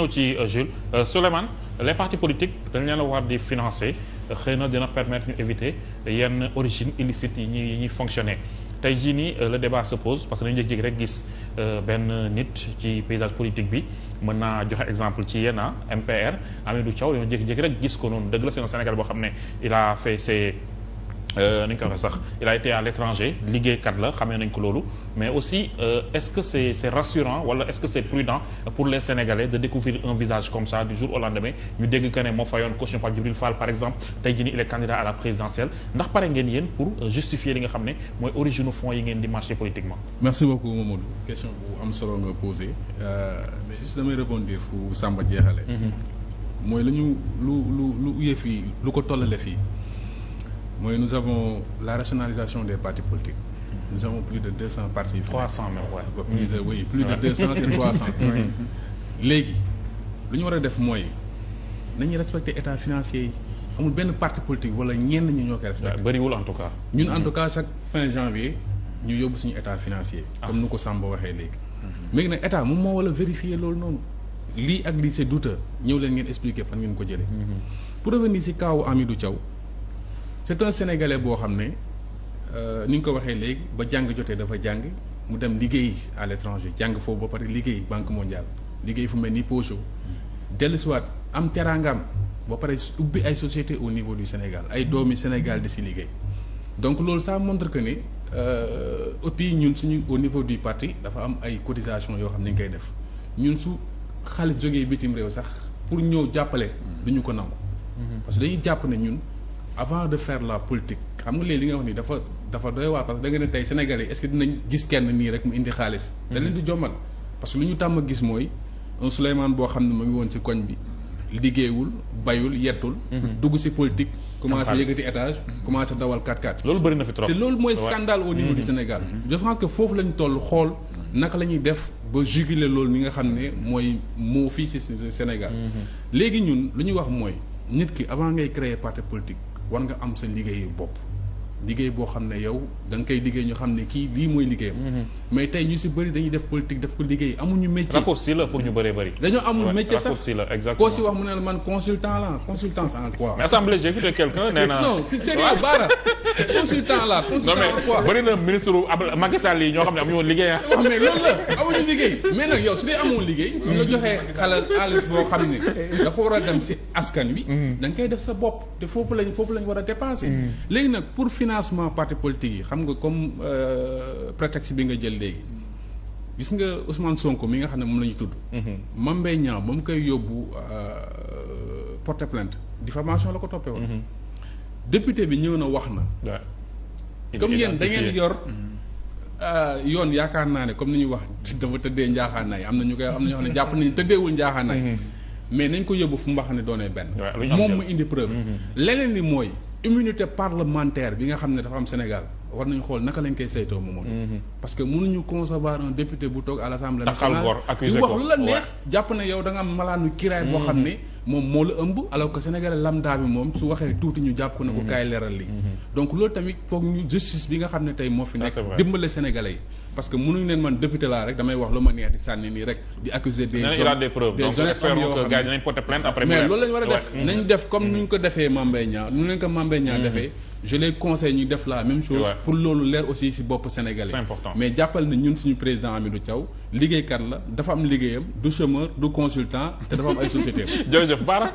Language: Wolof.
ñëw ci euh, Jules euh, Souleymane les partis politiques dañ leen a war di financer euh, xëy na dina permettre ñu éviter yenn origine yi ñuy yi ñuy fonctionner tey jii nii le débat pose parce que dañu jékki-jékki rek gis benn nit ci paysage politique bi mën naa joxe exemple ci yenn ah, MPR Amidou Thiaw dañoo jékki-jékki rek gis ko noonu dëgg la seen Sénégal boo xam ne il a fait ses Euh, nañ ko waxee sax il a été à l'étranger liggéeykat la xamee nañ ko loolu mais aussi euh, est-ce que c'est c'est rassurant wala est-ce que c'est prudent pour les Sénégalais de découvrir un visage comme ça du jour au lendemain ñu dégg que ne moo fayoon caution Pape Djibril Fall par exemple tey jii nii il est candidat à la présidentielle ndax pare ngeen yéen pour euh, justifier li nga xam ne mooy origine fonds yi ngeen di marché politiquement merci beaucoup Mamadou question bu am euh, Samba jeexale mm-hmm. mooy la ñu lu lu lu uyee fii lu ko tollale fii mooy nous avons la rationalisation des partis politiques nous avons plus de deux cents partis. trois cents même waaye. Ouais. plus de deux cents cents. léegi lu ñu war a def mooy nañu respecter état financier yi amul benn parti politique wala ñenn ñi ñoo koy respecté. bëriwul en tout cas. ñun en mm-hmm. tout cas chaque fin janvier ñu yóbbu suñu état financier. Ah. comme nu ko Samba waxee léegi. Mm-hmm. léegi nag état moom moo war a vérifier loolu noonu. lii ak lii c'est douteux ñëw leen ngeen expliquer fan ko jëlee. Mm-hmm. pour revenir ci kaawu Amidou Thiaw. c'est un boo xam ne euh, ni nga ko waxee léegi ba jàng jotee dafa jàng mu dem liggéey à l'étranger jàng foofu ba pare liggéey banque mondiale liggéey fu mel ni Pojo dellusiwaat am teraangam ba pare ubbi ay société au niveau du Sénégal ay doomi Sénégal di si liggéey donc loolu ça montre que ne euh, ëppi ñun suñu au niveau du parti dafa am ay cotisation yoo xam ne ñu koy def ñun su xaalis jógee bitim réew sax pour ñëw jàppale. duñu ko nangu. Mm-hmm. parce jàpp ne ñun. avant de faire la politique xam nga léegi li nga wax ni dafa dafa doy waar parce que da nga ne tey Sénégalais est-ce que dinañ gis kenn nii rek mu indi xaalis. Mm-hmm. da leen di jommal parce que lu ñu tàmm gis mooy un Souleymane boo xam ne mu ngi woon ci koñ bi liggéeyul bayul yettul. Mm-hmm. dugg ci politique. commencé yëkkati étage mm-hmm. commencé dawal 4 x loolu bëri na fi trop te loolu mooy scandale au niveau du Sénégal. je pense que foofu lañ toll xool naka la ñuy def ba juguler loolu mi nga xam ne mooy moo fii ci Sénégal. léegi ñun lu ñu wax mooy nit ki avant ngay créer parti politique. war nga am sa liggéeyu bopp liggéey boo xam ne yow da nga koy liggéey ñu xam ne kii lii mooy liggéeyam. Mm-hmm. mais tey ñu si bëri dañuy def politique daf ko liggéey amuñu métier. raccourci la la exactement koo si wax mu ne la man consultant la consultant en quoi. mais assemblée j'ai vu quelqu'un nee na. non si sérieux baara consultant la. consultant en quoi non ministre Abdoulaye Macky Sall yi ñoo xam ne amuñu woon liggéey ah. mais loolu la. amuñu liggéey mais nag yow su dee amoo liggéey. su la joxee xalal xaalis boo xam ne dafa war a dem si askan wi. da nga koy def sa bopp te foofu lañ foofu lañ war a dépenser. léegi nag pour financement parti politique yi xam nga comme euh, prétexte bi nga jël léegi. gis nga Ousmane Sonko mi nga xam ne moom la ñu tudd. Mame Mbaye Niang ba mu koy yóbbu euh, porte plainte diffamation la ko toppee woon. Mhm. député bi ñëw na wax na. comme yéen da yor. Mhm. Euh, yoon yaakaar naa ne comme ni ñuy wax dafa tëdde njaaxaanaay am na ñu koy am na ñoo xam ne jàpp nañu tëddeewul njaaxaanaay mm-hmm. mais nañ ko yóbbu fu mu ne doonee benn moom mu indi preuve mm-hmm. leneen li mooy immunité parlementaire bi nga xam ne dafa am Sénégal war nañu xool naka lañ koy saytoo Momadou. Mhm. parce que mënuñu concevoir un député bu toog à l' assemblée na yow da nga am malaanu kiraay boo xam mhm. ne moom moo la ëmb alors que sénégalais lambda bi moom su waxee tuuti ñu jàpp ko ne ko mhm. kaay leeral li donc loolu tamit foog ñu justice nga xam ne tey moo fi nekk dimbale sénégalais yi parce que mënuñu man député rek damay wax lu ma neex di sànni nii rek di accuser des honnêtes hommes yoo mais loolu lañ war a def nañ def comme nuñ ko defee Mame Mbaye nu leen ko Mame Mbaye defee je les ñuy def la même chose. pour loolu leer aussi ci bopp sénégalais. c'est important mais jàppal na ñun suñu président Amidou Thiaw liggéeykat la dafa am liggéeyam du chômeur du consultant te dafa am ay sociétés. jërëjëf Bara.